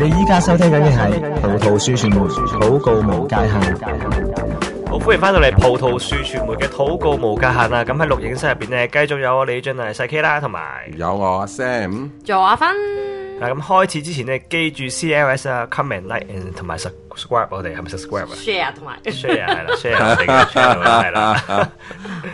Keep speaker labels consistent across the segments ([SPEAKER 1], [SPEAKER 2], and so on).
[SPEAKER 1] 你依家收聽緊嘅係《葡萄樹傳媒禱告無界限》，好歡迎翻到嚟《葡萄樹傳媒嘅禱告無界限》啊！咁喺錄影室入邊呢，繼續有我李進羿啊、細 K 啦，同埋有我 Sam，有阿芬。啊！咁開始之前呢，記住 CLS 啊，comment like，同埋 subscribe，我哋係咪 subscribe？share
[SPEAKER 2] 同埋 share 係啦
[SPEAKER 1] ，share 我哋嘅 channel 係啦。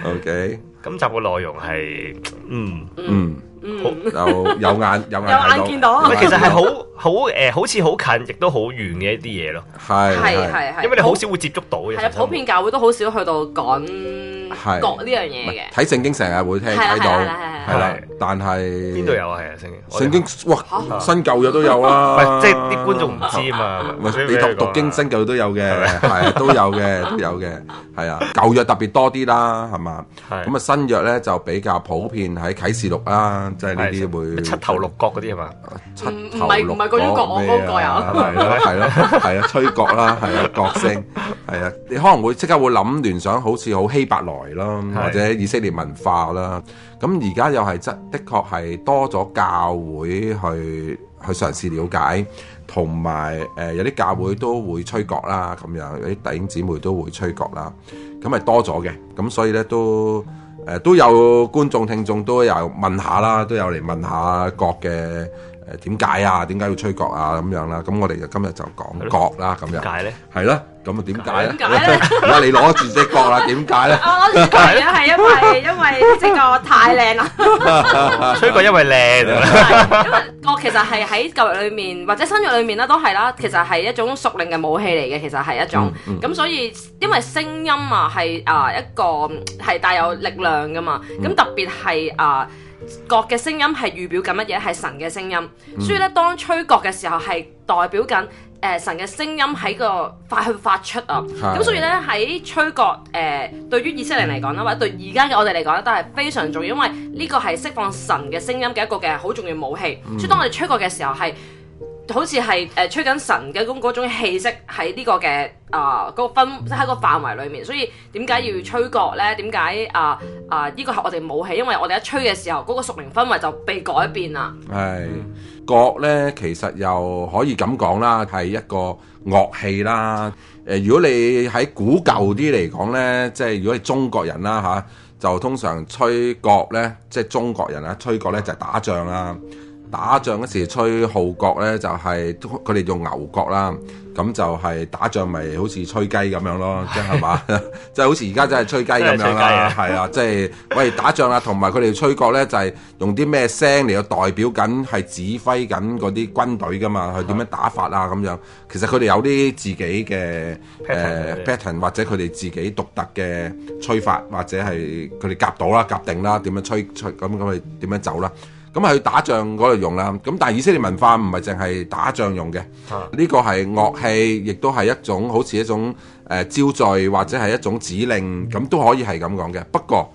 [SPEAKER 1] OK，今集嘅內容係嗯嗯。
[SPEAKER 2] 嗯很， 有有眼有眼
[SPEAKER 1] 見
[SPEAKER 3] 到，
[SPEAKER 2] 唔其實係好
[SPEAKER 1] 好誒，好似好近，亦都好遠嘅一啲嘢咯。係係係，因為你好少會接觸到嘅。係啊好，普
[SPEAKER 2] 遍教會都好少去到講。係，呢樣嘢
[SPEAKER 4] 嘅，睇聖經成日會聽睇到，係啦，但係邊度有啊？係聖經，聖經哇，新舊約都有啦，即係啲觀眾唔知
[SPEAKER 1] 啊嘛，你讀讀經，
[SPEAKER 4] 新舊都有嘅，係啊都有嘅，都有嘅，係啊，舊約特別多啲啦，係嘛，咁啊新約咧就比較普遍喺啟示錄啦，即係呢啲會七頭六角嗰啲啊嘛，
[SPEAKER 3] 七頭六角咩啊？係咯
[SPEAKER 4] 係咯，係啊吹角啦，係啊角聲，係啊，你可能會即刻會諗聯想，好似好希伯來。係啦，或者以色列文化啦，咁而家又係真的確係多咗教會去去嘗試了解，同埋誒有啲教會都會吹角啦，咁樣有啲弟兄姊妹都會吹角啦，咁咪多咗嘅，咁所以咧都誒都有觀眾聽眾都有問下啦，都有嚟問下角嘅誒點解啊，點解要吹角啊咁樣啦，咁我哋就今日就講角啦，咁樣解咧係咯。咁啊？點解咧？點解咧？啊！你攞住隻角啦？點解咧？我攞住係啊，係
[SPEAKER 2] 因為因為呢個太靚啦。
[SPEAKER 1] 吹角因為靚啊！因為
[SPEAKER 2] 角其實係喺舊約裏面或者新約裏面啦，都係啦。其實係一種屬靈嘅武器嚟嘅。其實係一種咁，所以因為聲音啊係啊一個係帶有力量噶嘛。咁特別係啊角嘅聲音係預表緊乜嘢？係神嘅聲音。嗯、所以咧，當吹角嘅時候係代表緊。誒、呃、神嘅聲音喺個發去發出啊！咁是所以咧喺吹角誒、呃，對於以色列嚟講咧，或者對而家嘅我哋嚟講咧，都係非常重要，因為呢個係釋放神嘅聲音嘅一個嘅好重要武器。嗯、所以當我哋吹角嘅時候，係好似係誒吹緊神嘅嗰種氣息喺呢個嘅啊嗰個分喺個範圍裡面。所以點解要吹角咧？點解啊啊？呢、呃呃這個係我哋武器，因為我哋一吹嘅時候，嗰、那個屬靈氛圍就被改變啦。
[SPEAKER 3] 係是。嗯
[SPEAKER 4] 角呢其實又可以咁講啦，係一個樂器啦。誒、呃，如果你喺古舊啲嚟講呢，即係如果你中國人啦嚇、啊，就通常吹角呢，即係中國人啊吹角呢就係、是、打仗啦。打仗嗰時吹號角咧，就係佢哋用牛角啦，咁就係打仗咪好似吹雞咁樣咯，即係嘛，即 係好似而家真係吹雞咁樣啦，係啊，即係、啊就是、喂打仗啦，同埋佢哋吹角咧就係、是、用啲咩聲嚟去代表緊係指揮緊嗰啲軍隊噶嘛，佢點樣打法啊咁樣，其實佢哋有啲自己嘅誒 pattern 或者佢哋自己獨特嘅吹法，或者係佢哋夾到啦、夾定啦，點樣吹樣吹咁咁去點樣走啦？咁係去打仗嗰度用啦。咁但係以色列文化唔係淨係打仗用嘅。呢、嗯、個係樂器，亦都係一種好似一種誒召聚或者係一種指令咁都可以係咁講嘅。不過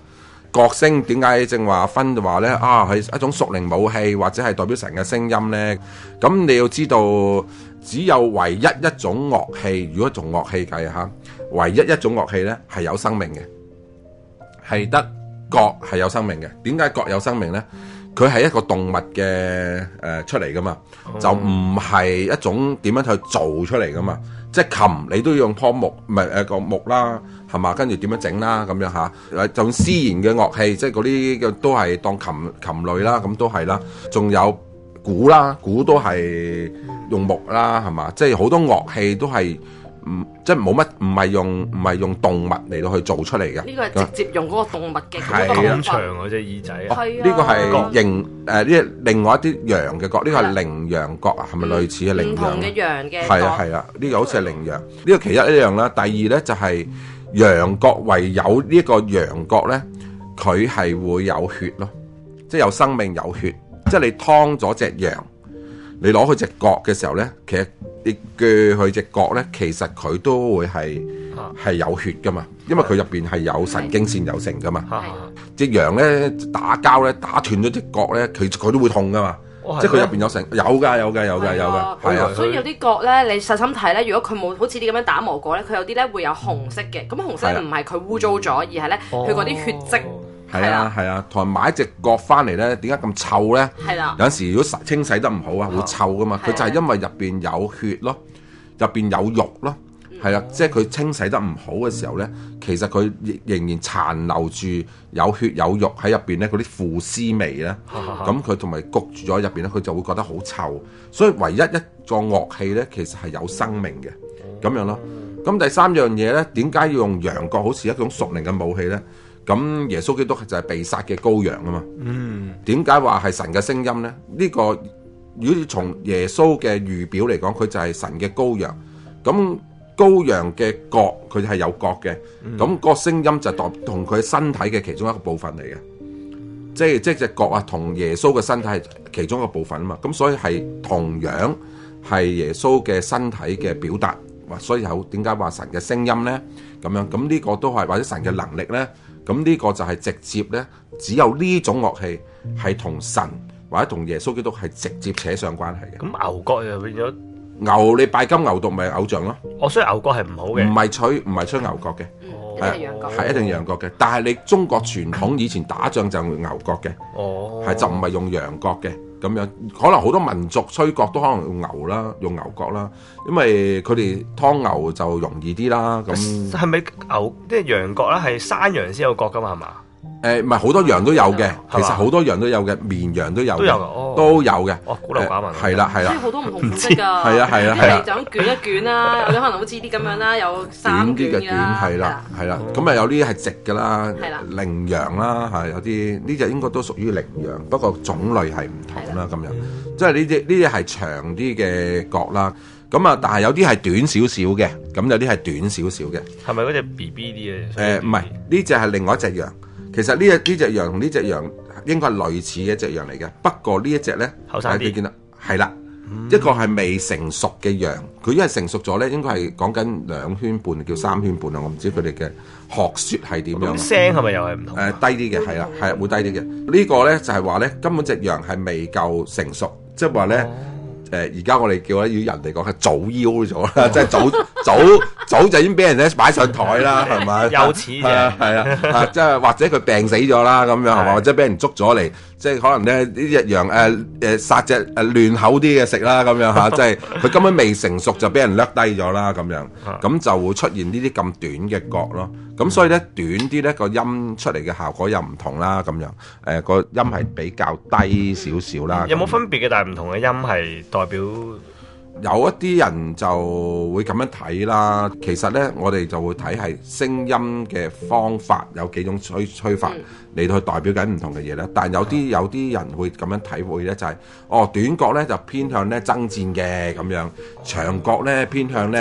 [SPEAKER 4] 角聲點解正話分就話呢？啊？係一種屬靈武器或者係代表神嘅聲音呢。咁你要知道，只有唯一一種樂器，如果從樂器計吓，唯一一種樂器呢係有生命嘅，係得角係有生命嘅。點解角有生命呢？佢係一個動物嘅誒、呃、出嚟噶嘛，就唔係一種點樣去做出嚟噶嘛。即係琴，你都要用樖木咪誒個木啦，係嘛？跟住點樣整啦咁樣嚇？誒、啊，就用絲弦嘅樂器，即係嗰啲嘅都係當琴琴類啦，咁都係啦。仲有鼓啦，鼓都係用木啦，係嘛？即係好多樂器都係。唔，即係冇乜，唔係用唔係用動物嚟到去做出嚟嘅。呢個係直接
[SPEAKER 2] 用嗰個動物嘅。係咁長啊，隻耳仔。呢、哦啊、個係
[SPEAKER 4] 羚誒，呢、呃、另外一啲羊嘅角，呢個係羚羊角啊，係咪類似嘅羚羊嘅羊嘅？係啊係啊，呢、這個好似係羚羊。呢、啊、個其一一樣啦，第二咧就係、是、羊角，唯有呢一、這個羊角咧，佢係會有血咯，即係有生命有血，即係你劏咗隻羊。你攞佢隻角嘅時候咧，其實你鋸佢隻角咧，其實佢都會係係、啊、有血噶嘛，因為佢入邊係有神經線有成噶嘛。隻、啊、的羊咧打交咧打斷咗隻角咧，佢佢都會痛噶嘛，
[SPEAKER 3] 哦、即係佢入邊
[SPEAKER 4] 有成有㗎有㗎有㗎有㗎。係啊的，所以有啲
[SPEAKER 2] 角咧，你細心睇咧，如果佢冇好似啲咁樣打磨過咧，佢有啲咧會，會有紅色嘅。咁紅色唔係佢污糟咗，而係咧佢嗰啲血跡。哦哦。係啊，
[SPEAKER 4] 係啊，同埋買隻角翻嚟呢，點解咁臭呢？啊、有陣時如果清洗得唔好啊，會臭噶嘛。佢就係因為入邊有血咯，入邊有肉咯，係啊，嗯、即係佢清洗得唔好嘅時候呢，嗯、其實佢仍然殘留住有血有肉喺入邊呢嗰啲腐屍味呢。咁佢同埋焗住咗入邊呢，佢就會覺得好臭。所以唯一一個樂器呢，其實係有生命嘅，咁樣咯。咁第三樣嘢呢，點解要用羊角好似一種屬靈嘅武器呢？咁耶穌基督就係被殺嘅羔羊啊嘛，點解話係神嘅聲音咧？呢、呢個如果從耶穌嘅預表嚟講，佢就係神嘅羔羊。咁羔羊嘅角，佢係有角嘅。咁、嗯、個聲音就同佢身體嘅其中一個部分嚟嘅，即係即係隻角啊，同耶穌嘅身體其中一個部分啊嘛。咁所以係同樣係耶穌嘅身體嘅表達，所以有點解話神嘅聲音咧咁樣？咁呢個都係或者神嘅能力咧。咁呢個就係直接呢，只有呢種樂器係同神或者同耶穌基督係直接扯上關係嘅。咁牛角又變咗牛，你拜金牛犢咪偶像咯？
[SPEAKER 1] 我、哦、所以牛角係唔好嘅，唔
[SPEAKER 4] 係吹唔係吹牛角嘅，係一樣角，係一定羊角嘅。但係你中國傳統以前打仗就會牛角嘅，
[SPEAKER 3] 係、哦、就唔
[SPEAKER 4] 係用羊角嘅。咁樣可能好多民族吹角都可能用牛啦，用牛角啦，因為佢哋劏牛就容易啲啦。咁係咪牛即係、就是、羊角啦？係山
[SPEAKER 1] 羊先有角噶嘛？係嘛？
[SPEAKER 4] 誒，唔係好多羊都有嘅，其實好多羊都有嘅，綿羊都有嘅，都有嘅，都有嘅，係啦係啦，所以好多唔同色噶，係啊係啊係啊，咁
[SPEAKER 2] 卷一卷啦，有啲可能好似啲咁樣啦，有短啲嘅卷，係
[SPEAKER 4] 啦係啦，咁啊有啲係直噶啦，羚羊啦，係有啲呢隻應該都屬於羚羊，不過種類係唔同啦咁樣，即係呢啲呢啲係長啲嘅角啦，咁啊但係有啲係短少少嘅，咁有啲係短少少嘅，
[SPEAKER 1] 係咪嗰隻 B B 啲嘅？誒，
[SPEAKER 4] 唔係，呢隻係另外一隻羊。其實呢一呢隻羊同呢隻羊應該係類似一隻羊嚟嘅，不過呢一隻咧、後生、啊，你見到，係啦，嗯、一個係未成熟嘅羊，佢因為成熟咗呢，應該係講緊兩圈半叫三圈半、嗯、係係係啊，我唔知佢哋嘅學説係點樣。聲係咪又係唔同？誒低啲嘅係啦，係會低啲嘅。呢、呢個呢，就係、係、話呢，根本隻羊係未夠成熟，即係話呢。哦誒而家我哋叫咧，要人哋講係早夭咗啦，即係早早早就已經俾人咧擺上台啦，係咪？有錢嘅
[SPEAKER 3] 係啊，
[SPEAKER 4] 即係或者佢病死咗啦，咁樣，或者俾人捉咗嚟，即係可能咧呢隻羊誒誒殺隻誒嫩口啲嘅食啦，咁樣嚇，即係佢根本未成熟就俾人甩低咗啦，咁樣，咁就會出現呢啲咁短嘅角咯。咁所以咧，短啲咧個音出嚟嘅效果又唔同啦，咁樣誒個音係比較低少少啦。有冇
[SPEAKER 1] 分別嘅？但係唔同嘅音係。代表
[SPEAKER 4] 有一啲人就會咁樣睇啦，其實呢，我哋就會睇係聲音嘅方法有幾種吹吹法，嚟到去代表緊唔同嘅嘢咧。但有啲、嗯、有啲人會咁樣體會呢，就係、是、哦短角呢就偏向呢爭戰嘅咁樣，長角呢偏向呢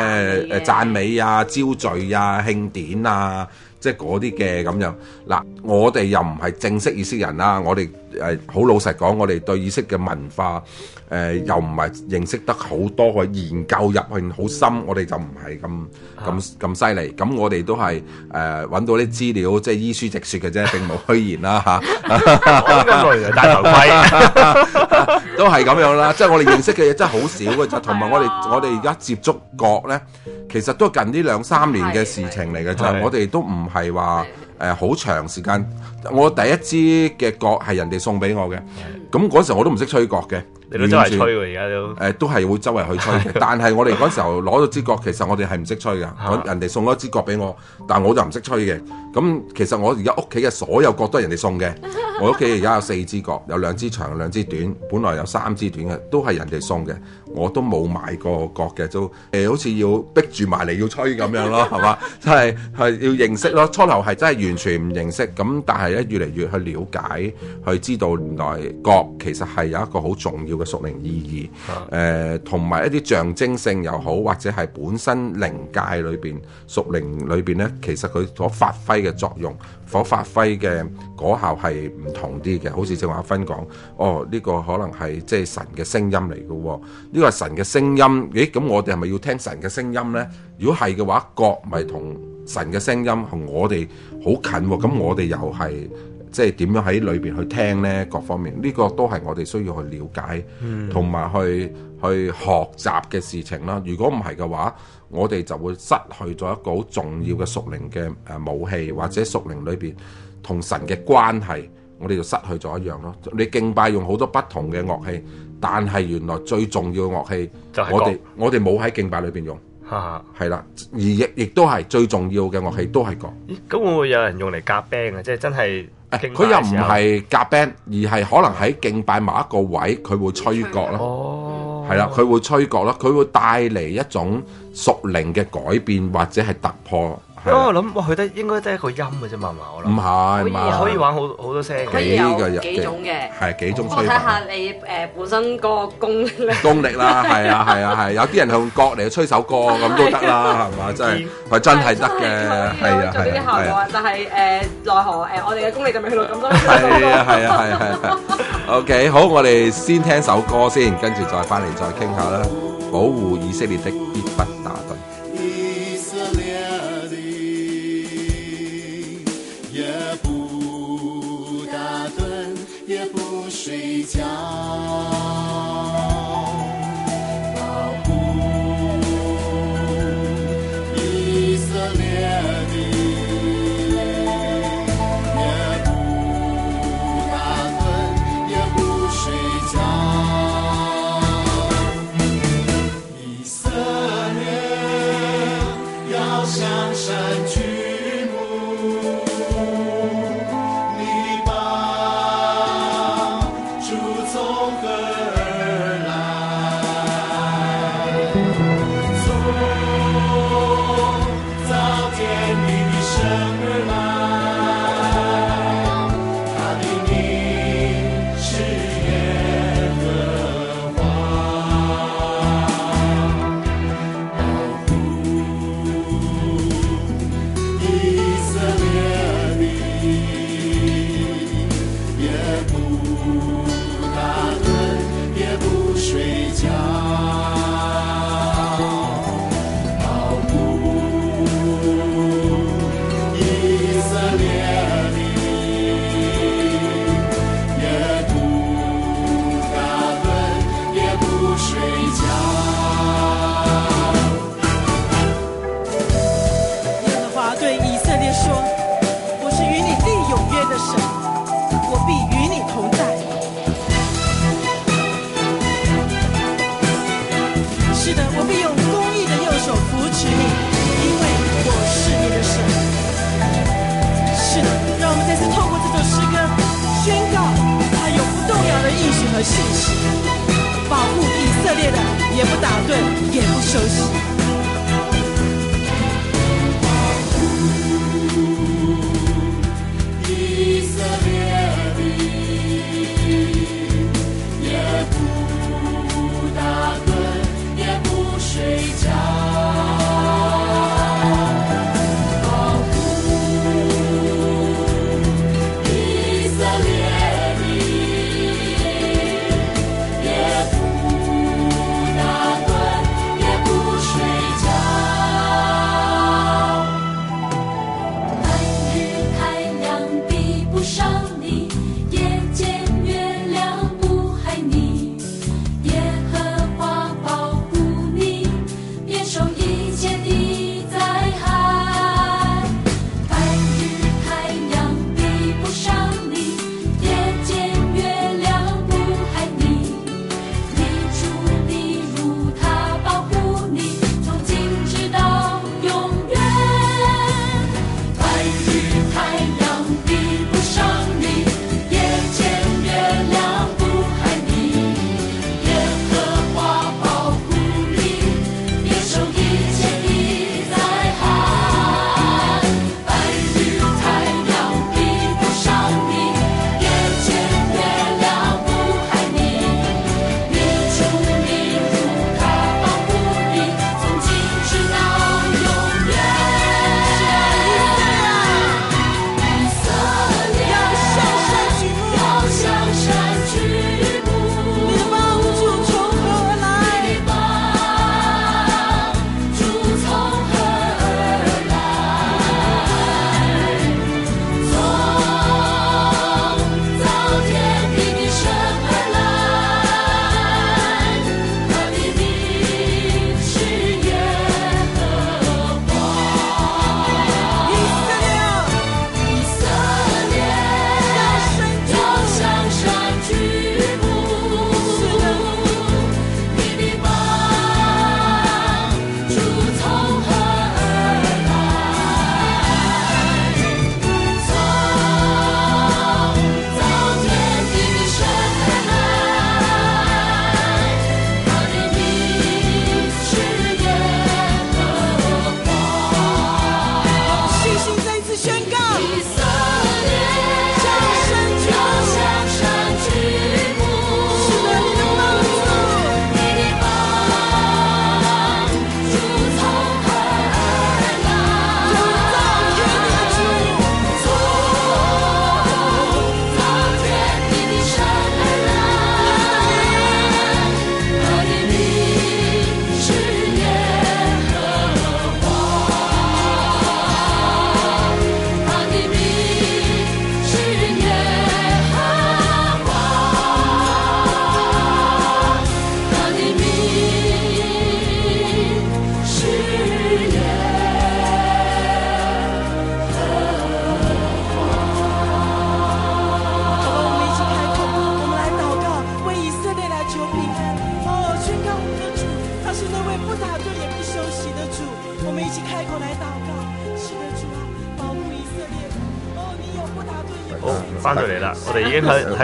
[SPEAKER 4] 誒讚美啊、招聚啊、慶典啊，即係嗰啲嘅咁樣。嗱，我哋又唔係正式意思人啦，我哋。誒好、呃、老實講我哋對意識嘅文化誒、呃、又唔係認識得好多，去研究入去好深，嗯、我哋就唔係咁咁咁犀利。咁、啊、我哋都係誒揾到啲資料，即係依書直說嘅啫，並冇虛言啦吓
[SPEAKER 3] 講嗰句就戴頭盔，
[SPEAKER 4] 都係咁樣啦。即係我哋認識嘅嘢真係好少嘅啫。同埋我哋 我哋而家接觸角咧，其實都係近呢兩三年嘅事情嚟嘅啫。的 的我哋都唔係話誒好長時間，我第一支嘅角係人哋。送俾我嘅，咁嗰時、嗯、候，我都唔識吹角嘅。你都完全吹喎，而家都誒、呃、都係會周圍去吹嘅。 但係我哋嗰時候攞咗支角，其實我哋係唔識吹嘅、啊。人哋送咗支角俾我，但係我就唔識吹嘅。咁其實我而家屋企嘅所有角都係人哋送嘅。 我屋企而家有四支角，有兩支長，兩支短。本來有三支短嘅，都係人哋送嘅。我都冇買過角嘅，都誒、呃、好似要逼住埋嚟要吹咁樣咯，係嘛？ 係、就、係、是、要認識咯。初頭係真係完全唔認識，咁但係咧越嚟越去了解，去知道原來角其實係有一個好重要嘅屬靈意義，誒同埋一啲象徵性又好，或者係本身靈界裏邊、屬靈裏邊咧，其實佢所發揮嘅作用，所發揮嘅果效係唔同啲嘅。好似正話阿芬講，哦呢、呢個可能係即係神嘅聲音嚟嘅喎，呢個係神嘅聲音。咦咁我哋係咪要聽神嘅聲音咧？如果係嘅話，角咪同神嘅聲音同我哋好近喎。咁我哋又係。即係點樣喺裏邊去聽呢？各方面呢、這個都係我哋需要去了解，同埋去去學習嘅事情啦。如果唔係嘅話，我哋就會失去咗一個好重要嘅屬靈嘅誒武器，或者屬靈裏邊同神嘅關係，我哋就失去咗一樣咯。你敬拜用好多不同嘅樂器，但係原來最重要嘅樂器，就係我哋我哋冇喺敬拜裏邊用。啊，係啦，而亦亦都係最重要嘅樂器都係角，
[SPEAKER 1] 這個。咁會唔會有人用嚟夾 band 啊？即係真係，佢、哎、又唔係
[SPEAKER 4] 夾 band 而係可能喺敬拜某一個位，佢會吹角咯。
[SPEAKER 1] 係啦，嗯，佢
[SPEAKER 4] 會吹角咯，佢會帶嚟一種屬靈嘅改變或者係突破。
[SPEAKER 1] 哦，諗哇，佢得應該得一個音嘅啫嘛嘛，我
[SPEAKER 4] 諗。唔係，可以玩好好多
[SPEAKER 2] 聲。可以有幾種
[SPEAKER 4] 嘅。係幾種吹法。我睇下
[SPEAKER 2] 你誒本身個功力。功力啦，係啊係
[SPEAKER 4] 啊係，有啲人用角嚟吹首歌咁都得啦，係嘛？真係佢真係得嘅，係啊係啊。但
[SPEAKER 2] 係誒奈何誒我哋嘅功力就未去到咁多。係啊係啊
[SPEAKER 4] 係啊。OK，好，我哋先聽首歌先，跟住再翻嚟再傾下啦。保護以色列的必不
[SPEAKER 3] 家。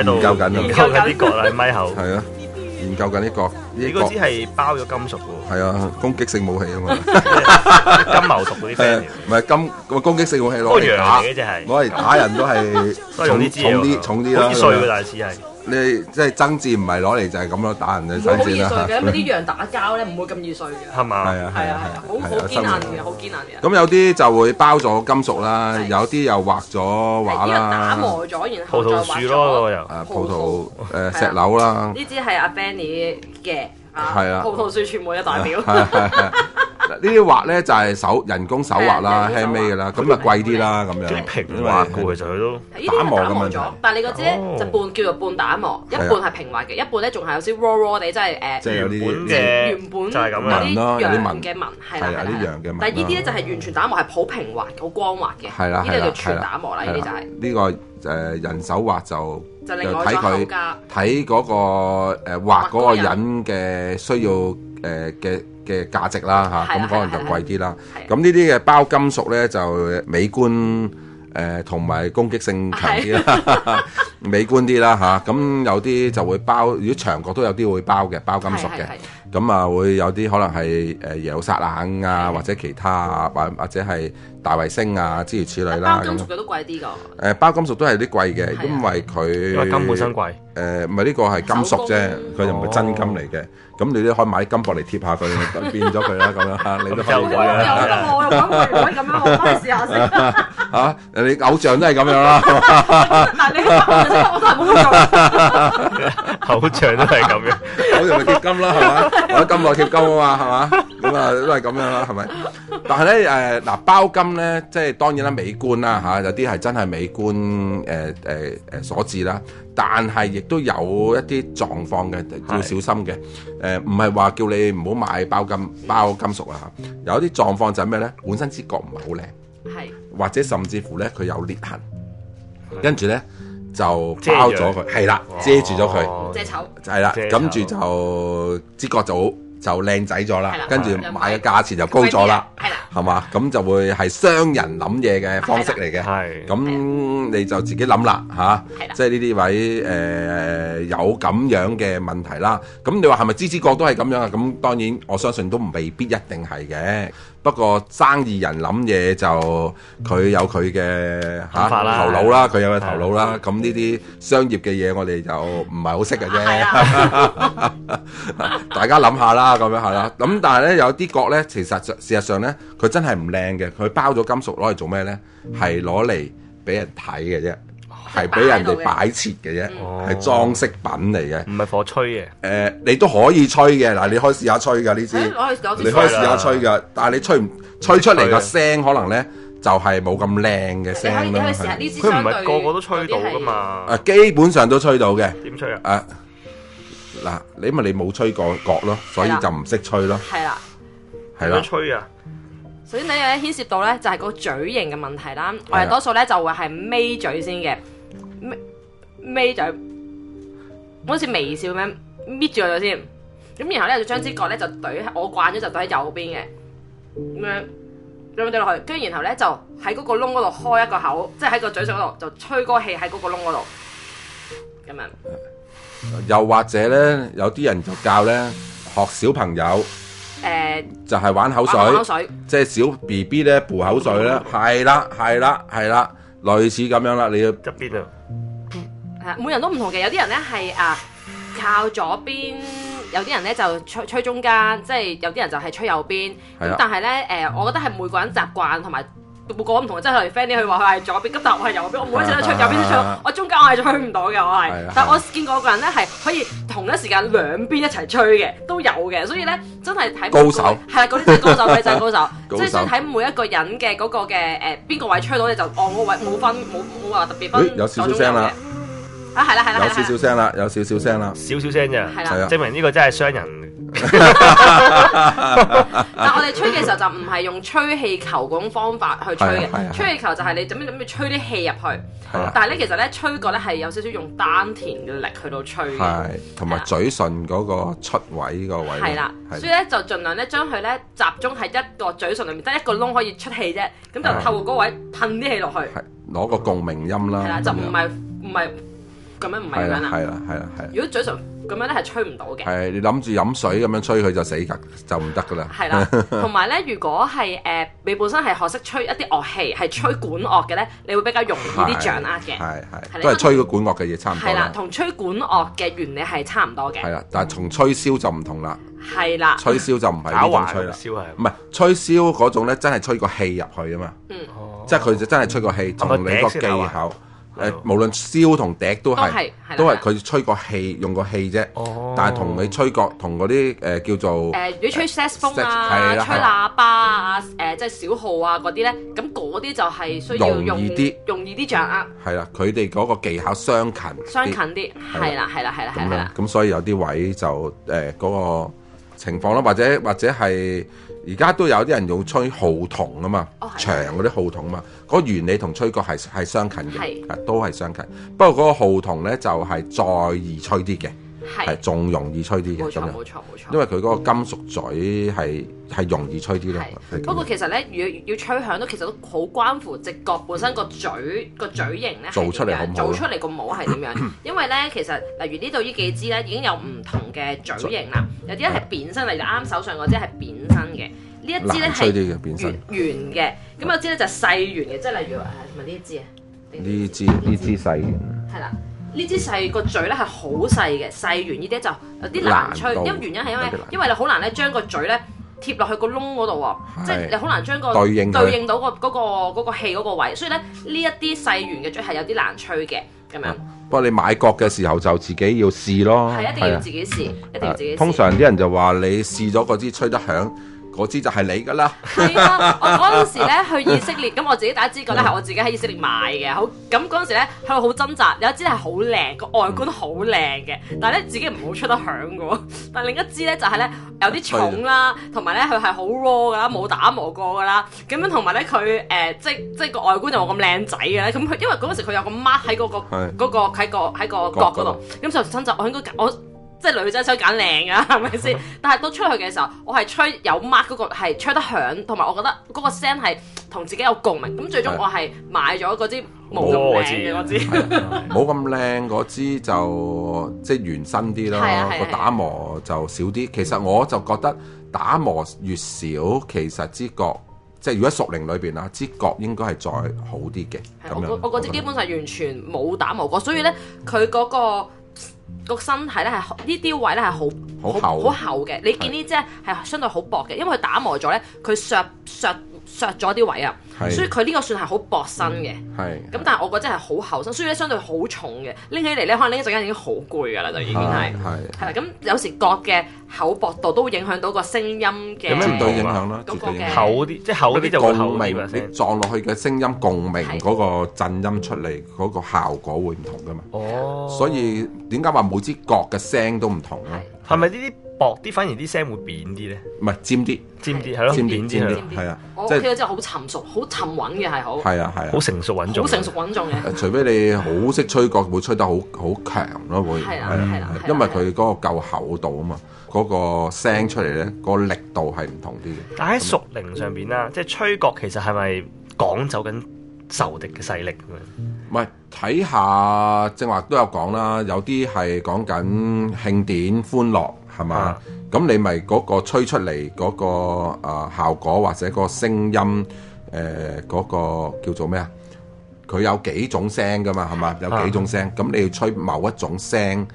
[SPEAKER 1] 研究緊啊！研究緊啲角
[SPEAKER 4] 喺咪口。係啊，研究緊啲角。如果只
[SPEAKER 1] 係包咗金屬
[SPEAKER 4] 嘅。係啊，攻擊性武器啊嘛。
[SPEAKER 1] 金毛毒嗰啲。
[SPEAKER 4] 唔係金，我攻擊性武器攞嚟打嘅真係。攞嚟打人都係重啲，重啲，重啲咯。碎嘅但係只係。你即係爭戰唔係攞嚟就係咁樣打人嘅爭戰啦。因為啲
[SPEAKER 2] 羊打交咧唔
[SPEAKER 4] 會咁易碎嘅。係嘛？係啊！係啊！係啊！好好堅硬嘅，好堅硬嘅。咁有啲就會包咗金屬啦，有啲又畫咗畫啦。打磨
[SPEAKER 2] 咗，然後再畫咗葡萄樹
[SPEAKER 4] 咯，又。誒葡萄誒石榴啦。呢
[SPEAKER 2] 支係阿 Benny 嘅。係啊。葡萄樹全部有代表。
[SPEAKER 4] 呢啲畫咧就係手人工手畫啦 handmade 嘅啦，咁咪貴啲啦咁樣。即係平滑，其實都打磨咗，但係
[SPEAKER 2] 你個啫就半叫做半打磨，一半係平滑嘅，一半咧仲係有啲 rough rough 地，即係原本嘅原本嗰啲羊嘅紋，係啦係啦。但係呢啲咧就係完全打磨，係好平滑、好光滑嘅。係啦係全打磨啦。呢啲
[SPEAKER 4] 就係呢個誒人手畫就就你睇佢睇嗰個誒畫嗰個人嘅需要誒嘅。嘅價值啦嚇，咁、嗯嗯、可能就貴啲啦。咁呢啲嘅包金屬咧就美觀，誒同埋攻擊性強啲啦，是的 美觀啲啦嚇。咁有啲就會包，如果長角都有啲會包嘅包金屬嘅，咁啊會有啲可能係耶路撒冷啊，是的 或者其他啊，或或者係。大衛星啊，諸如此類啦。咁包金屬嘅都
[SPEAKER 3] 貴
[SPEAKER 4] 啲㗎。誒，包金屬都係啲貴嘅，因為佢金本身貴。誒，唔係呢個係金屬啫，佢又唔係真金嚟嘅。咁你都可以買金箔嚟貼下佢，變咗佢啦咁樣。你都貴啦。我又咁，我試下先。嚇！你偶像都係咁樣啦。嗱，你偶像都係咁樣。偶像咪貼金啦，係嘛？攞金來貼金啊嘛，係嘛？咁啊，都係咁樣啦，係咪？但係咧，誒、呃、嗱包金咧，即係當然啦，美觀啦、嚇、啊，有啲係真係美觀誒誒誒所致啦。但係亦都有一啲狀況嘅，要小心嘅。誒唔係話叫你唔好買包金包金屬啊嚇。有啲狀況就係咩咧？本身啲鑽唔係好靚，是或者甚至乎咧佢有裂痕，跟住咧就包咗佢，係啦液，遮住咗佢，
[SPEAKER 3] 遮醜，係啦，
[SPEAKER 4] 跟住就知鑽就。就靚仔咗啦，跟住買嘅價錢就高咗啦，係嘛？咁就會係商人諗嘢嘅方式嚟嘅，咁你就自己諗啦，嚇、啊。的即係呢啲位誒、呃、有咁樣嘅問題啦。咁你話係咪知知覺都係咁樣啊？咁當然我相信都未必一定係嘅。不過生意人諗嘢就佢有佢嘅嚇頭腦啦，佢有佢頭腦啦。咁呢啲商業嘅嘢，我哋就唔係好識嘅啫。大家諗下啦，咁樣係啦。咁但係咧，有啲角咧，其實事實上咧，佢真係唔靚嘅。佢包咗金屬攞嚟做咩咧？係攞嚟俾人睇嘅啫。係俾人哋擺設嘅啫，係裝飾品嚟嘅。唔係火吹嘅。誒，你都可以吹嘅。嗱，你可以試下吹㗎呢支。你可以試下吹㗎。但係你吹唔吹出嚟個聲，可能咧就係冇咁靚嘅聲咁樣。佢唔係個個都
[SPEAKER 1] 吹到㗎嘛。
[SPEAKER 4] 誒，基本上都吹到嘅。點吹啊？誒，嗱，你因為你冇吹過角咯，所以就唔識吹咯。係啦，係啦。點
[SPEAKER 1] 吹啊？
[SPEAKER 2] 所以你一咧牽涉到咧就係個嘴型嘅問題啦。我哋多數咧就會係眯嘴先嘅。眯嘴，好似微笑咁，搣住佢咗先，咁然後咧就將支角咧就懟，我慣咗就懟喺右邊嘅，咁樣咁樣懟落去，跟住然後咧就喺嗰個窿嗰度開一個口，即係喺個嘴上度就吹嗰個氣喺嗰個窿嗰度。咁樣，
[SPEAKER 4] 又或者咧，有啲人就教咧學小朋友，
[SPEAKER 2] 誒、欸，
[SPEAKER 4] 就係玩口水，即係小 B B 咧補口水啦，係啦，係啦，係啦。類似咁樣啦，你嘅側邊啊，
[SPEAKER 2] 每人都唔同嘅，有啲人呢係啊靠左邊，有啲人呢就吹吹中間，即係有啲人就係吹右邊。咁係、啊、但係呢，誒、呃，我覺得係每個人習慣同埋。冇講唔同，即係我哋 friend 佢話佢係左邊，咁但係我係右邊，我每一次都吹，是啊、右邊都吹，我中間我係吹唔到嘅，我係。是啊、但係我見過一個人咧，係可以同一時間兩邊一齊吹嘅，都有嘅。所以咧真係睇，高手。係啦，嗰啲係高手位真高手，即係 手所以睇每一個人嘅嗰、嗰個嘅誒邊個位吹到你就哦嗰、嗰個、位冇分冇冇話特別分。咦有少少聲啦。係啦，係啦，有少
[SPEAKER 1] 少聲啦，有少少聲啦，少少聲啫，係啦，證明呢個真係雙人。
[SPEAKER 2] 但我哋吹嘅時候就唔係用吹氣球嗰種方法去吹嘅，吹氣球就係你怎樣怎樣吹啲氣入去，但係咧其實咧吹過咧係有少少用丹田嘅力去到吹嘅，係
[SPEAKER 4] 同埋嘴唇嗰個出位個位，係啦，
[SPEAKER 2] 所以咧就儘量咧將佢咧集中喺一個嘴唇裏面，得一個窿可以出氣啫，咁就透過嗰位噴啲氣落去，
[SPEAKER 4] 攞個共鳴音啦，係啦，
[SPEAKER 2] 就唔係唔係。咁樣唔係咁樣啊！係啦，
[SPEAKER 4] 係啦，係。如果嘴
[SPEAKER 2] 唇咁樣咧係吹唔到嘅。
[SPEAKER 4] 係你諗住飲水咁樣吹佢就死㗎，就唔得㗎啦。係啦的，同
[SPEAKER 2] 埋咧，如果係誒你本身係學識吹一啲樂器，係吹管樂嘅咧，你會比較容易啲掌握嘅。係係，都係吹
[SPEAKER 4] 個管樂嘅嘢差唔多。係啦的，
[SPEAKER 2] 同吹管樂嘅原理係差唔多嘅。係啦，
[SPEAKER 4] 但係從吹簫就唔同啦。
[SPEAKER 2] 係啦的。 吹簫就唔係呢種吹啦。
[SPEAKER 4] 唔係吹簫嗰種咧，真係吹個氣入去啊嘛。嗯。
[SPEAKER 2] Oh. 即係佢
[SPEAKER 4] 就真係吹個氣，同你個技巧。誒，無論燒同笛都係，都係，都係佢吹個氣，用個氣啫。哦，但係同你吹角，同嗰啲誒叫做誒，
[SPEAKER 2] 你吹薩風啊，吹喇叭啊，誒即係小號啊嗰啲咧，咁嗰啲就係需要用容易啲，容易啲掌握。
[SPEAKER 4] 係啦，佢哋嗰個技巧相近，
[SPEAKER 2] 相近啲係啦，係啦，係啦，係啦。
[SPEAKER 4] 咁所以有啲位就誒嗰個情況啦，或者或者係。而家都有啲人用吹號筒啊嘛，哦、長嗰啲號筒嘛，個的原理同吹角係係相近嘅，係的都係相近。不過個號筒咧就係再易吹啲嘅。係仲容易吹啲嘅，冇錯冇錯冇錯，因為佢嗰個金屬嘴係係容易吹啲咯。
[SPEAKER 2] 不過其實咧，要要吹響都其實都好關乎直覺本身個嘴個嘴型咧，做出嚟做出嚟個模係點樣？因為咧，其實例如呢度呢幾支咧已經有唔同嘅嘴型啦。有啲咧係扁身嚟嘅，啱手上嗰支係扁身嘅。呢一支咧係圓圓嘅，咁有支咧就細圓嘅，即係例如啊，同埋
[SPEAKER 4] 呢一支啊，呢支呢支細圓。係
[SPEAKER 2] 啦。呢支細個嘴咧係好細嘅，細圓呢啲就有啲難吹，難到，因因為原因係因為因為你好難咧將個嘴咧貼落去個窿嗰度喎，即係你好難將個對應對應到個嗰個嗰個氣嗰個位，所以咧呢一啲細圓嘅嘴係有啲難吹嘅咁樣。
[SPEAKER 4] 不過，啊，你買角嘅時候就自己要試咯，係一定要自己試，一定
[SPEAKER 2] 要自己。通常
[SPEAKER 4] 啲人就話你試咗嗰支吹得響。我支就係你嘅啦，
[SPEAKER 2] 係 啊！我嗰陣時咧去以色列，咁我自己第一支覺得係我自己喺以色列買嘅，好咁嗰陣時咧，佢好掙扎，有一支係好靚，個外觀好靚嘅，但係咧自己唔好出得響嘅喎。但係另一支咧就係、是、咧有啲重啦，同埋咧佢係好 raw 嘅啦，冇打磨過嘅啦，咁樣同埋咧佢誒即即個外觀就冇咁靚仔嘅，咁佢因為嗰陣時佢有個 mark 喺嗰、嗰個喺的、嗰個喺、嗰個、個角嗰度，咁角就掙扎，我應該我。即係女仔想揀靚啊，係咪先？但係都出去嘅時候，我係吹有 mark 嗰個係吹得響，同埋我覺得嗰個聲係同自己有共鳴。咁最終我係買咗嗰支冇名嘅，我知
[SPEAKER 4] 冇咁靚嗰支就即係原身啲咯，個打磨就少啲。其實我就覺得打磨越少，其實支角即係如果熟齡裏邊啊，支角應該係再好啲嘅。咁樣我嗰支基
[SPEAKER 2] 本上完全冇打磨過，所以呢，佢嗰個。個身體咧係呢啲位咧係好厚 好好厚嘅，是的 你見呢隻係相對好薄嘅，因為佢打磨咗咧，佢削削。削削咗啲位啊，是所以佢呢個算係好薄身嘅，咁但係我覺得係好厚身，所以咧相對好重嘅，拎起嚟咧可能拎一陣間已經好攰噶啦，就已經係，係啦，咁有時角嘅厚薄度都會影響到個聲音嘅。咁唔對影響
[SPEAKER 1] 嗰個厚嗰啲，即係厚嗰啲就話口味，你撞
[SPEAKER 4] 落去嘅聲音共鳴嗰個震音出嚟嗰是個效果會唔同噶嘛，oh. 所以點解話每支角嘅聲都唔同咧？
[SPEAKER 1] 係咪呢啲？是是薄啲，反而啲聲會扁啲咧，
[SPEAKER 4] 唔係尖啲，尖啲係咯，扁尖啲係啊。O.K.，即係
[SPEAKER 2] 好沉熟，好沉穩嘅係好係啊，
[SPEAKER 4] 係啊，好成熟穩重，好成熟穩重嘅。除非你好識吹角，會吹得好好強咯，會係啦係啦，因為佢嗰個夠厚度啊嘛，嗰個聲出嚟咧，個力度係唔同啲嘅。
[SPEAKER 1] 但喺屬靈上邊啦，即係吹角其實係咪講走緊仇敵嘅勢力咁樣？唔係睇下正話都有
[SPEAKER 4] 講啦，有啲係講緊慶典歡樂。係嘛？咁、啊、你咪嗰個吹出嚟嗰、嗰個、呃、效果或者嗰個聲音誒嗰、呃嗰個叫做咩啊？佢有幾種聲噶嘛？係嘛？有幾種聲？咁、啊、你要吹某一種聲。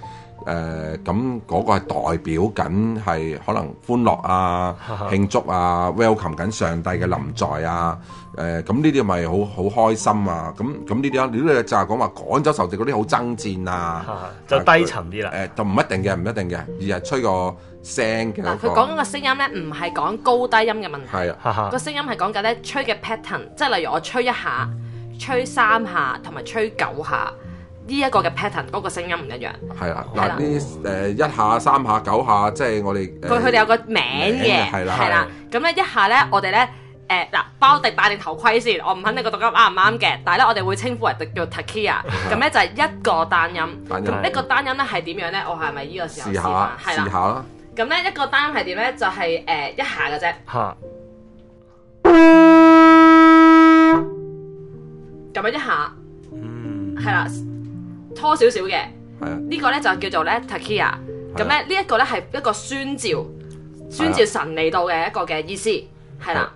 [SPEAKER 4] 誒咁嗰個係代表緊係可能歡樂啊、哈哈慶祝啊、welcoming 緊上帝嘅臨在啊。誒咁呢啲咪好好開心啊！咁咁呢啲咧，你就係講話趕走仇敵嗰啲好爭戰啊，哈哈啊就低沉啲啦。誒就唔一定嘅，唔一定嘅，而係吹個聲嘅嗱，嗰個，佢講緊
[SPEAKER 2] 個聲音咧，唔係講高低音嘅問題。
[SPEAKER 3] 係啊的。個哈聲
[SPEAKER 2] 音係講緊咧吹嘅 pattern，即係例如我吹一下、吹三下同埋吹，吹九下。呢一個嘅 pattern 嗰個聲音唔一樣。
[SPEAKER 4] 係啦，嗱呢誒一下、三下、九下，即係我哋。佢佢哋有
[SPEAKER 2] 個名嘅，係啦，係啦。咁咧一下咧，我哋咧誒嗱包迪戴定頭盔先，我唔肯定個讀音啱唔啱嘅，但係咧我哋會稱呼為叫 takia，咁咧就係一個單音。單音。一個單音咧係點樣咧？我係咪呢個時候試下？試下啦。咁咧一個單音係點咧？就係誒一下嘅啫。嚇。
[SPEAKER 3] 咁樣一下。
[SPEAKER 2] 嗯。係啦。拖少少嘅，呢的個咧就叫做咧 Takia，咁咧呢一個咧係一個宣召，宣召神嚟到嘅一個嘅意思，係啦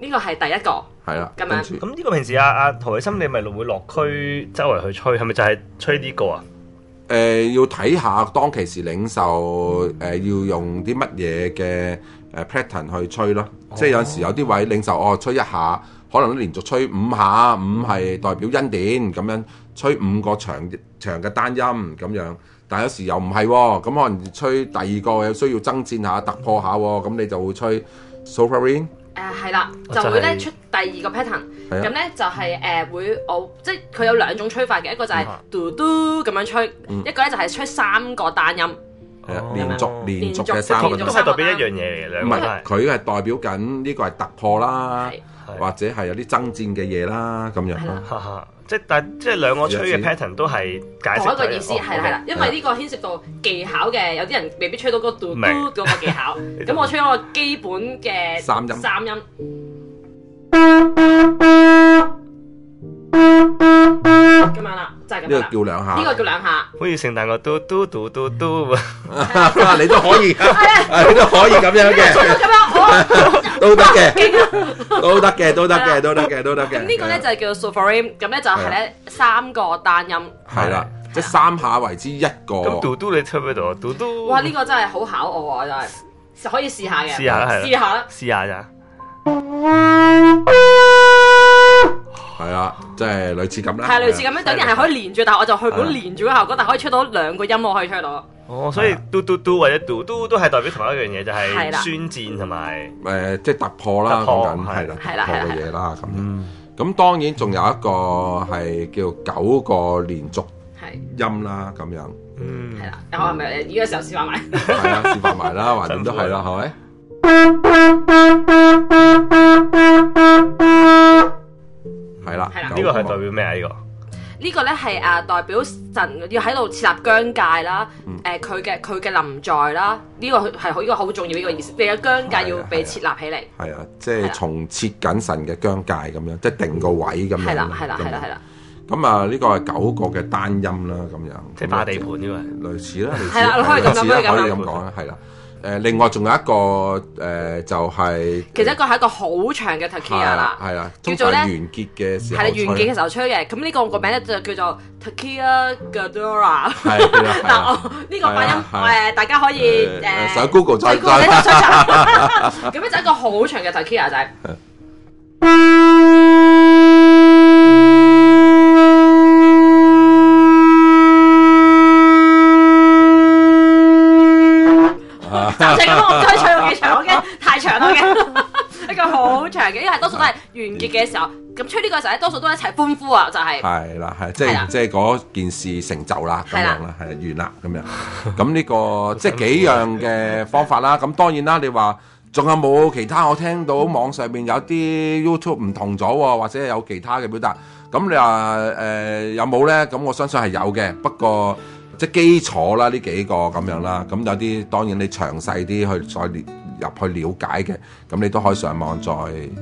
[SPEAKER 2] 的，呢個係第一個，係啦的，咁樣，
[SPEAKER 1] 咁呢個平時阿、啊、阿陶偉深你咪會落區周圍去吹，係咪就係吹呢個啊？
[SPEAKER 4] 誒、呃，要睇下當其時領袖誒、呃、要用啲乜嘢嘅誒 pattern 去吹咯，哦、即係有時有啲位領袖哦吹一下，可能都連續吹五下，五係代表恩典咁樣。吹五個長長嘅單音咁樣，但有時又唔係喎，咁可能吹第二個有需要爭戰下、突破一下喎，咁你就會吹 shofar、呃。誒
[SPEAKER 2] 係啦，就會咧出第二個 pattern，咁咧就係、是、誒、就是呃、會我、哦、即係佢有兩種吹法嘅，一個就係嘟嘟 d 咁樣吹，一個咧就係吹、嗯、吹三個單音。嗯、
[SPEAKER 4] 連續連續嘅三個都係
[SPEAKER 2] 代
[SPEAKER 1] 表一樣嘢嚟嘅，唔係佢
[SPEAKER 4] 係代表緊呢個係突破啦，或者係有啲爭戰
[SPEAKER 1] 嘅嘢啦咁樣。即係，但即係兩個吹嘅 pattern 都係解釋同一個意
[SPEAKER 2] 思，係啦，係啦。因為呢個牽涉到技巧嘅，有啲人未必吹到嗰個嘟嘟嗰個技巧。咁沒我吹一個基本嘅三音。三音。咁樣
[SPEAKER 3] 啦。 啊
[SPEAKER 2] 呢個叫兩下，呢個叫兩下，
[SPEAKER 1] 好似聖誕歌，嘟嘟嘟嘟嘟，你都可以，你都可以咁樣嘅，都得嘅！都得嘅，都得嘅，都得嘅，都得
[SPEAKER 2] 嘅，呢個咧就係叫 Shevarim，咁咧就係咧三個單音，
[SPEAKER 4] 係啦，即三下
[SPEAKER 1] 為之一個，咁嘟嘟你出唔到，嘟嘟，
[SPEAKER 2] 哇呢個真係好考我啊，真係，可以試下嘅，試下啦，試下啦，
[SPEAKER 1] 試下咋。係啊，即係類似咁啦。係類似咁樣，當然係可以
[SPEAKER 2] 連住，但係我就去唔好連住嘅效果，但係可以出到兩個音，我可以出到。
[SPEAKER 1] 哦，所以嘟嘟嘟或者嘟嘟都係代表同一樣嘢，就係宣戰同埋
[SPEAKER 4] 誒，即係突破啦，係啦，係啦，破嘅嘢啦咁。咁當然仲有一個係叫九個連續音啦，咁樣。嗯，
[SPEAKER 2] 係啦，我係咪呢個時
[SPEAKER 4] 候示範埋？係啊，示範埋啦，橫掂都係啦，係
[SPEAKER 3] 咪？
[SPEAKER 2] 係啦，呢個係代表咩啊？呢個呢個咧係誒代表神要喺度設立疆界啦，誒佢嘅佢嘅臨在啦，呢個係一個好重要一個意思，你嘅疆界要被設立起嚟。
[SPEAKER 4] 係啊，即係從設緊神嘅疆界咁樣，即係定個位咁樣。係啦，係啦，係啦，係啦。咁啊，呢個係九個嘅單音啦，咁樣即係霸地盤咁啊，類似啦，係啦，可以咁可以咁講，係啦。誒另外仲有一個誒，就係其實
[SPEAKER 2] 一個係一個好長嘅 Takia 啦，
[SPEAKER 4] 係啦，叫做咧，係啦，完結嘅時
[SPEAKER 2] 候出嘅。咁呢個個名咧就叫做 Takia Gadora，但我呢個發音誒大家可以誒
[SPEAKER 4] 上 Google 就，咁樣
[SPEAKER 3] 就
[SPEAKER 2] 一個好長嘅 Takia 仔。
[SPEAKER 3] 就係咁，我都可以吹好幾場，我驚太
[SPEAKER 2] 長啦，嘅一個好長嘅，因為多數都係完結嘅時候，咁吹呢個時候咧，多數都一齊歡呼啊，就係。係
[SPEAKER 4] 啦，係即係即係嗰件事成就啦，咁樣啦，係完啦，咁樣。咁呢個即係幾樣嘅方法啦。咁當然啦，你話仲有冇其他？我聽到網上面有啲 YouTube 唔同咗喎，或者係有其他嘅表達。咁你話誒有冇咧？咁我相信係有嘅，不過。即係基礎啦，呢幾個咁樣啦，咁、嗯、有啲當然你詳細啲去，去再入去了解嘅，咁、嗯、你都可以上網再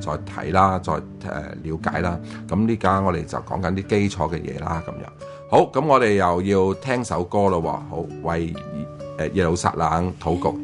[SPEAKER 4] 再睇啦，再誒、呃、了解啦。咁呢家我哋就講緊啲基礎嘅嘢啦，咁樣好。咁、嗯、我哋又要聽首歌咯喎，好為誒耶，耶路撒冷土局。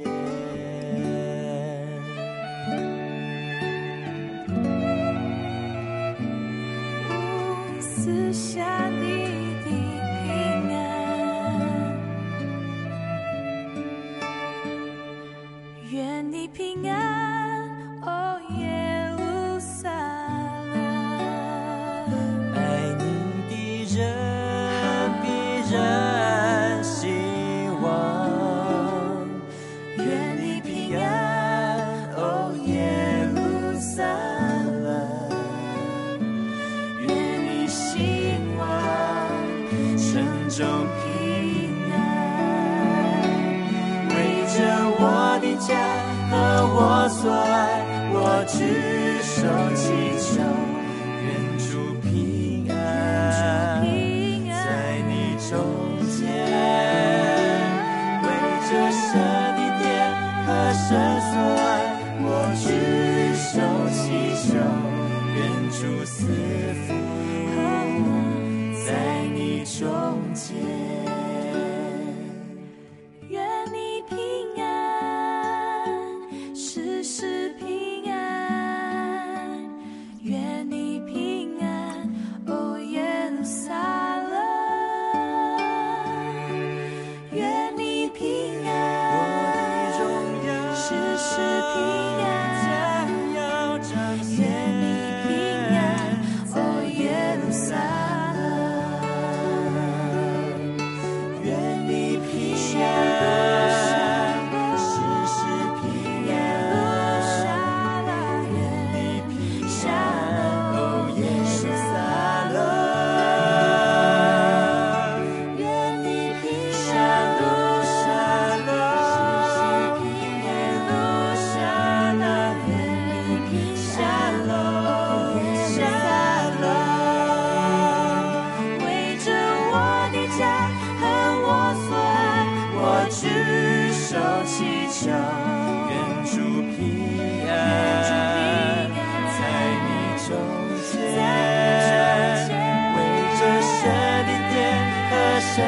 [SPEAKER 1] 好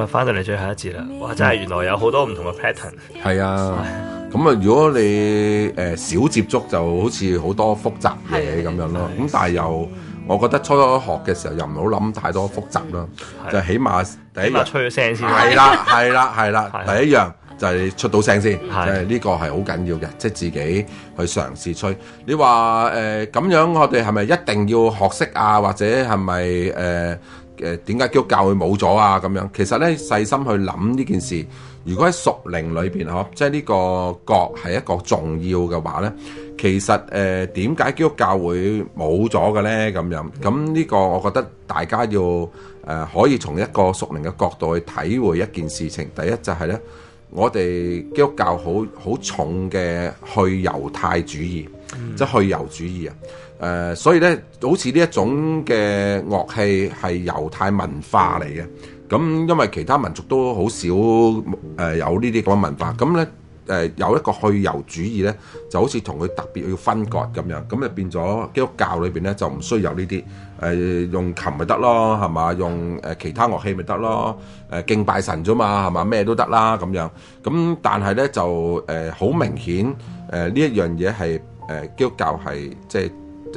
[SPEAKER 1] 啦，翻到嚟最後一節啦，哇！真係原來有好多唔同嘅 pattern。
[SPEAKER 4] 係啊，咁啊，如果你誒、呃、少接觸，就好似好多複雜嘢咁樣咯。咁的但係又。我覺得初初學嘅時候又唔好諗太多複雜啦，的就起碼第一樣吹咗聲先。係啦，係啦，係啦， 第一樣就係出到聲先，誒呢的個係好緊要嘅，即係自己去嘗試吹。你話誒咁樣，我哋係咪一定要學識啊？或者係咪誒誒點解叫教佢冇咗啊？咁樣其實咧細心去諗呢件事。如果喺屬靈裏邊呵，即係呢個角係一個重要嘅話咧，其實誒點解基督教會冇咗嘅咧？咁樣咁呢個，我覺得大家要誒、呃、可以從一個屬靈嘅角度去體會一件事情。第一就係咧，我哋基督教好好重嘅去猶太主義，即係、嗯、去猶主義啊。誒、呃，所以咧，好似呢一種嘅樂器係猶太文化嚟嘅。咁、嗯、因為其他民族都好少誒、呃、有呢啲咁嘅文化，咁咧誒有一個去猶主義咧，就好似同佢特別要分割咁樣，咁、嗯、就變咗基督教裏邊咧就唔需要有呢啲誒用琴咪得咯，係嘛？用誒、呃、其他樂器咪得咯？誒、呃、敬拜神咋嘛？係嘛？咩都得啦咁樣。咁、嗯、但係咧就誒好、呃、明顯誒呢、呃、一樣嘢係誒基督教係即係誒、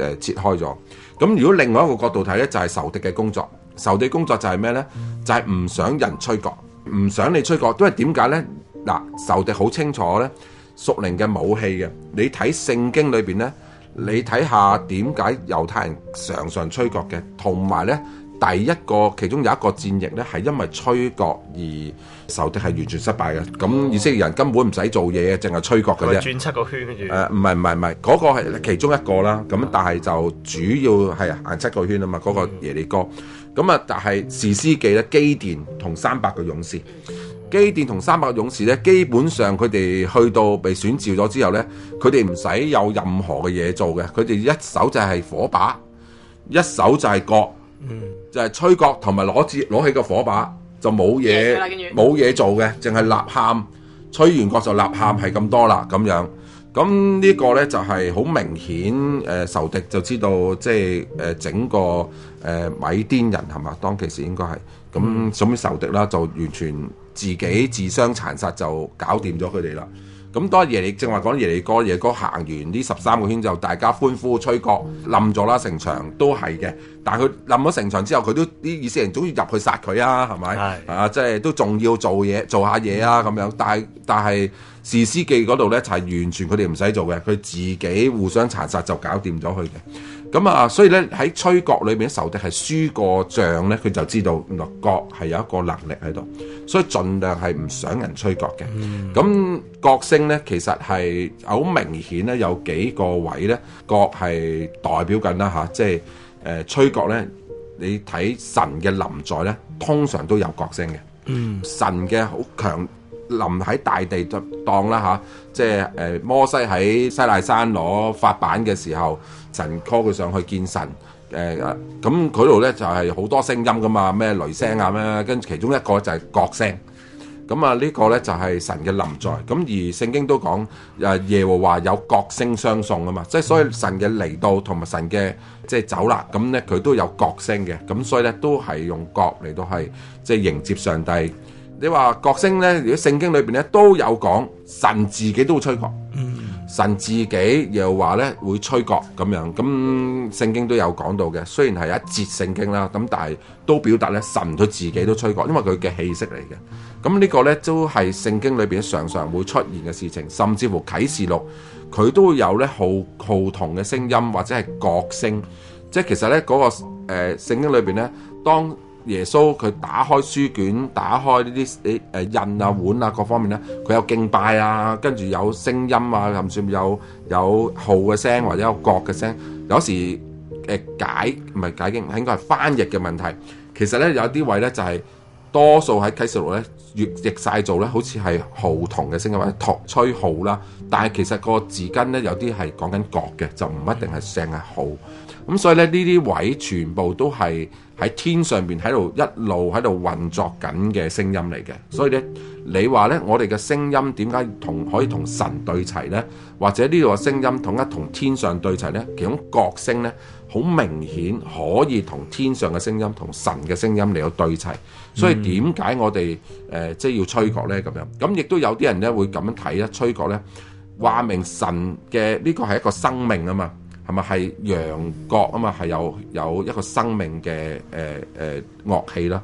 [SPEAKER 4] 呃、切開咗。咁、嗯、如果另外一個角度睇咧，就係、是、仇敵嘅工作。仇敵工作就係咩呢？就係唔想人吹角，唔想你吹角，因為點解呢？嗱，仇敵好清楚呢，屬靈嘅武器嘅。你睇聖經裏邊呢，你睇下點解猶太人常常吹角嘅，同埋呢第一個其中有一個戰役呢，係因為吹角而仇敵係完全失敗嘅。咁以色列人根本唔使做嘢，淨係吹角嘅啫。
[SPEAKER 1] 轉七個圈誒？
[SPEAKER 4] 唔係唔係唔係，嗰個係其中一個啦。咁但係就主要係行七個圈啊嘛。嗰個耶利哥。咁啊！但係士師記咧，基甸同三百個勇士，基甸同三百勇士咧，基本上佢哋去到被選召咗之後咧，佢哋唔使有任何嘅嘢做嘅，佢哋一手就係火把，一手就係角、嗯，就係吹角同埋攞住攞起個火把就冇嘢冇嘢做嘅。淨係吶喊，吹完角就吶喊係咁、嗯、多啦咁樣。咁呢個呢，就係、是、好明顯，誒、呃、仇敵就知道，即係、呃、整個誒、呃、米甸人係嘛，當其時應該係咁，所以仇敵啦，就完全自己自相殘殺就搞掂咗佢哋啦。咁、嗯、當然，你正話講耶利哥，耶利哥行完呢十三個圈就大家歡呼吹角，冧咗啦城牆都係嘅。但係佢冧咗城牆之後，佢都啲以色列人仲要入去殺佢啊，係咪？的啊，即係都仲要做嘢，做下嘢啊咁樣。但係但係士師記嗰度咧，就係、是、完全佢哋唔使做嘅，佢自己互相殘殺就搞掂咗佢嘅。咁啊，所以咧喺吹角裏面，仇敵係輸過仗咧，佢就知道個角係有一個能力喺度，所以盡量係唔想人吹角嘅。咁、mm. 角聲咧，其實係好明顯咧，有幾個位咧，角係代表緊啦吓，即係誒、呃、吹角咧，你睇神嘅臨在咧，通常都有角聲嘅。Mm. 神嘅好強臨喺大地就當啦吓、啊，即係誒、呃、摩西喺西奈山攞法版嘅時候。神 call 佢上去見神，誒咁佢度咧就係好多聲音噶嘛，咩雷聲啊咩，跟住其中一個就係角聲，咁啊呢個咧就係神嘅臨在，咁而聖經都講誒耶和華有角聲相送啊嘛，即係所以神嘅嚟到同埋神嘅即係走啦，咁咧佢都有角聲嘅，咁所以咧都係用角嚟到係即係迎接上帝。你話角聲咧，如果聖經裏邊咧都有講神自己都會吹角，嗯。神自己又話咧會吹角咁樣，咁、嗯、聖經都有講到嘅，雖然係一節聖經啦，咁但係都表達咧神佢自己都吹角，因為佢嘅氣息嚟嘅。咁、嗯這個、呢個咧都係聖經裏邊常常會出現嘅事情，甚至乎啟示錄佢都會有咧號號筒嘅聲音或者係角聲，即係其實咧嗰、那個誒、呃、聖經裏邊咧當。耶穌佢打開書卷，打開呢啲誒印啊碗啊各方面咧，佢有敬拜啊，跟住有聲音啊，甚至有有號嘅聲或者有角嘅聲。有時誒、呃、解唔係解經，應該係翻譯嘅問題。其實咧有啲位咧就係、是、多數喺《啟示錄》咧譯晒做咧，好似係號同嘅聲音，或者托吹號啦。但係其實個字根咧有啲係講緊角嘅，就唔一定係聲係號。咁所以咧，呢啲位全部都係喺天上邊喺度一路喺度運作緊嘅聲音嚟嘅。所以咧，你話咧，我哋嘅聲音點解同可以同神對齊咧？或者呢個聲音同一同天上對齊咧？其中角聲咧，好明顯可以同天上嘅聲音、同神嘅聲音嚟到對齊。所以點解我哋誒即係要吹角咧？咁樣咁亦都有啲人咧會咁樣睇咧，吹角咧，話明神嘅呢個係一個生命啊嘛。係咪係羊角啊？嘛係有有一個生命嘅誒誒樂器啦，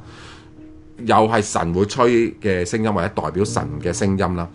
[SPEAKER 4] 又係神會吹嘅聲音或者代表神嘅聲音啦。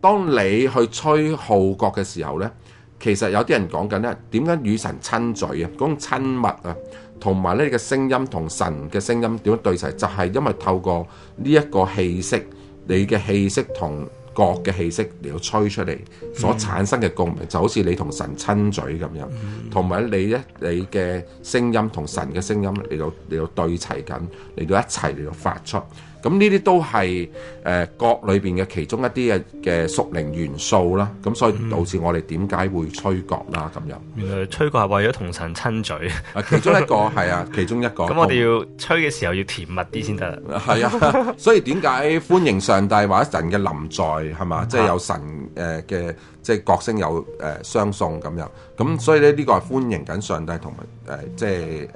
[SPEAKER 4] 當你去吹號角嘅時候呢，其實有啲人講緊呢，點解與神親嘴啊？講親密啊，同埋你嘅聲音同神嘅聲音點樣對齊？就係、是、因為透過呢一個氣息，你嘅氣息同。角嘅氣息嚟到吹出嚟，所產生嘅共鳴就好似你同神親嘴咁樣，同埋、mm hmm. 你咧，你嘅聲音同神嘅聲音嚟到嚟到對齊緊，嚟到一齊嚟到發出。咁呢啲都係誒、呃、角裏邊嘅其中一啲嘅嘅屬靈元素啦，咁、啊、所以導致我哋點解會吹角啦咁樣、
[SPEAKER 1] 嗯？原來吹角係為咗同神親嘴，啊，其中一個係啊，其中一個。咁、 啊、我哋要吹嘅時候要甜蜜啲先得啦。係、嗯、啊，
[SPEAKER 4] 所以點解歡迎上帝或者神嘅臨在係嘛？即係 有神誒嘅。呃 即係角聲有誒相、呃、送咁樣，咁所以咧呢個係歡迎緊上帝同埋誒即係誒誒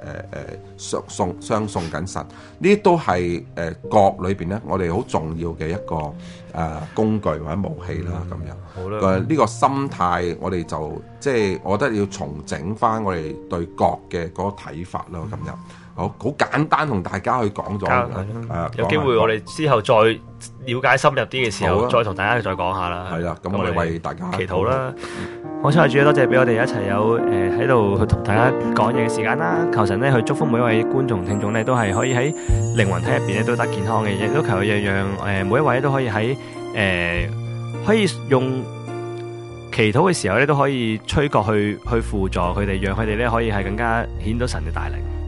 [SPEAKER 4] 相送相送緊神，呃、呢啲都係誒角裏邊咧我哋好重要嘅一個誒、呃、工具或者武器啦咁、嗯、樣。誒呢個心態我哋就即係我覺得要重整返我哋對角嘅嗰個睇法啦咁、嗯、樣。好好簡單同大家去
[SPEAKER 1] 講咗，係啊！有機會我哋之後再了解深入啲嘅時候，再同大家去再講下啦。係啦，咁我哋為大家祈禱啦！我真係主啊，多謝俾我哋一齊有誒喺度去同大家講嘢嘅時間啦！求神咧去祝福每一位觀眾聽眾咧，都係可以喺靈魂體入邊咧都得健康嘅，亦都求佢樣樣誒每一位都可以喺誒可以用祈禱嘅時候咧都可以吹角去去輔助佢哋，讓佢哋咧可以係更加顯到神嘅大能。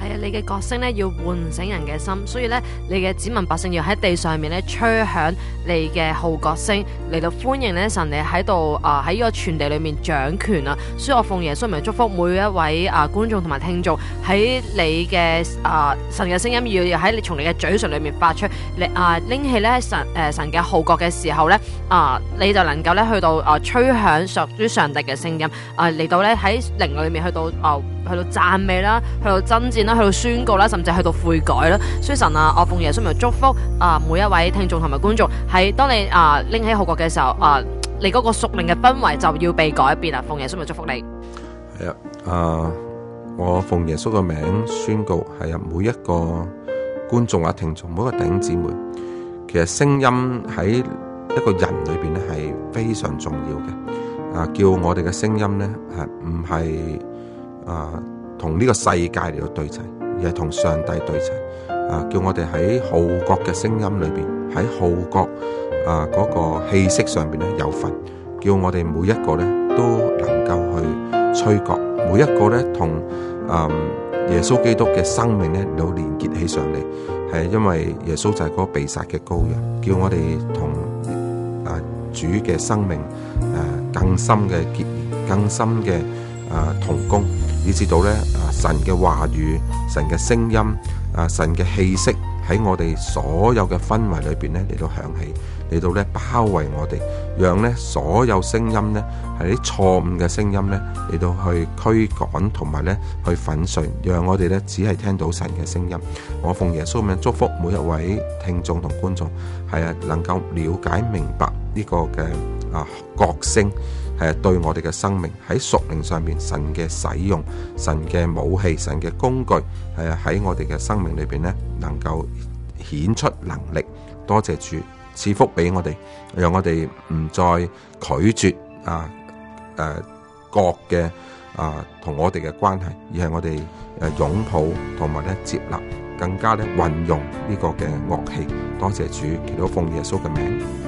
[SPEAKER 2] 係啊，你嘅角聲咧要喚醒人嘅心，所以咧你嘅子民百姓要喺地上面咧吹響你嘅號角聲，嚟到歡迎咧神你喺度啊，喺呢個全地裏面掌權啊！所以我奉耶穌名祝福每一位啊觀眾同埋聽眾，喺你嘅啊神嘅聲音要要喺你從你嘅嘴唇裏面發出你啊，拎起咧神誒神嘅號角嘅時候咧啊你就能夠咧去到啊吹響屬於上帝嘅聲音啊嚟到咧喺靈裏面去到啊去到讚美啦去到爭戰。去到宣告啦，甚至去到悔改啦。所以神啊，我奉耶穌名祝福啊每一位聽眾同埋觀眾。喺當你啊拎起號角嘅時候啊，你嗰個屬靈嘅氛圍就要被改變啊！奉耶穌名祝福你。
[SPEAKER 4] 係啊，啊，我奉耶穌嘅名宣告，係啊每一個觀眾啊聽眾，每一個弟兄姊妹，其實聲音喺一個人裏邊咧係非常重要嘅。啊，叫我哋嘅聲音咧係唔係啊？同呢個世界嚟到對齊，而係同上帝對齊。啊，叫我哋喺號角嘅聲音裏邊，喺號角啊嗰個氣息上邊咧有份。叫我哋每一個咧都能夠去吹角。每一個咧同啊耶穌基督嘅生命咧有連結起上嚟，係因為耶穌就係嗰個被殺嘅羔羊。叫我哋同啊主嘅生命誒更深嘅結，更深嘅啊同工。要知道咧，啊神嘅話語、神嘅聲音、啊神嘅氣息喺我哋所有嘅氛圍裏邊咧，嚟到響起，嚟到咧包圍我哋，讓咧所有聲音咧係啲錯誤嘅聲音咧嚟到去驅趕，同埋咧去粉碎，讓我哋咧只係聽到神嘅聲音。我奉耶穌名祝福每一位聽眾同觀眾，係啊，能夠了解明白呢個嘅。啊！角聲係對我哋嘅生命喺屬靈上邊神嘅使用，神嘅武器，神嘅工具，係喺我哋嘅生命裏邊呢，能夠顯出能力。多謝主賜福俾我哋，讓我哋唔再拒絕啊！誒，角嘅啊，同、啊、我哋嘅關係，而係我哋誒擁抱同埋咧接納，更加咧運用呢個嘅樂器。多謝主，祈禱奉耶穌嘅名。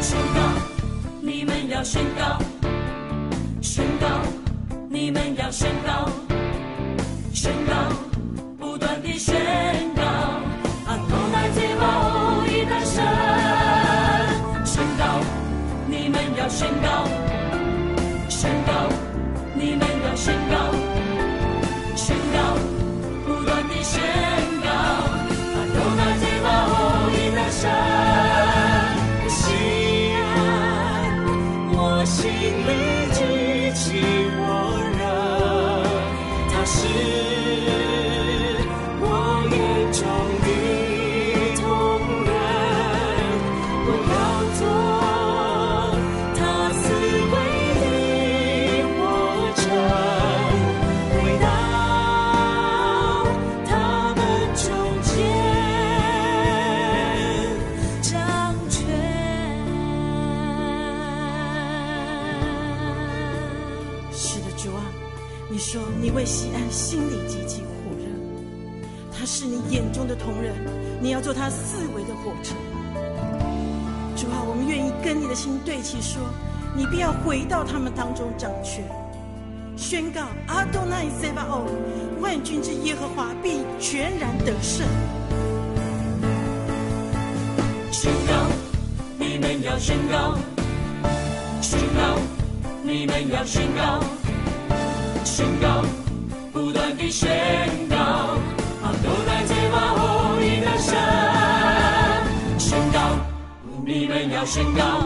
[SPEAKER 3] 宣告！你們要宣告！宣告！你們要宣告！
[SPEAKER 5] 起說，你必要回到他們當中掌權，宣告阿多乃塞巴哦，萬軍之耶和華必全然得勝。
[SPEAKER 3] 宣告，你們要宣告，宣告，你們要宣告，宣告，不斷地宣告，阿多乃塞巴哦，一個神。宣告，你們要宣告。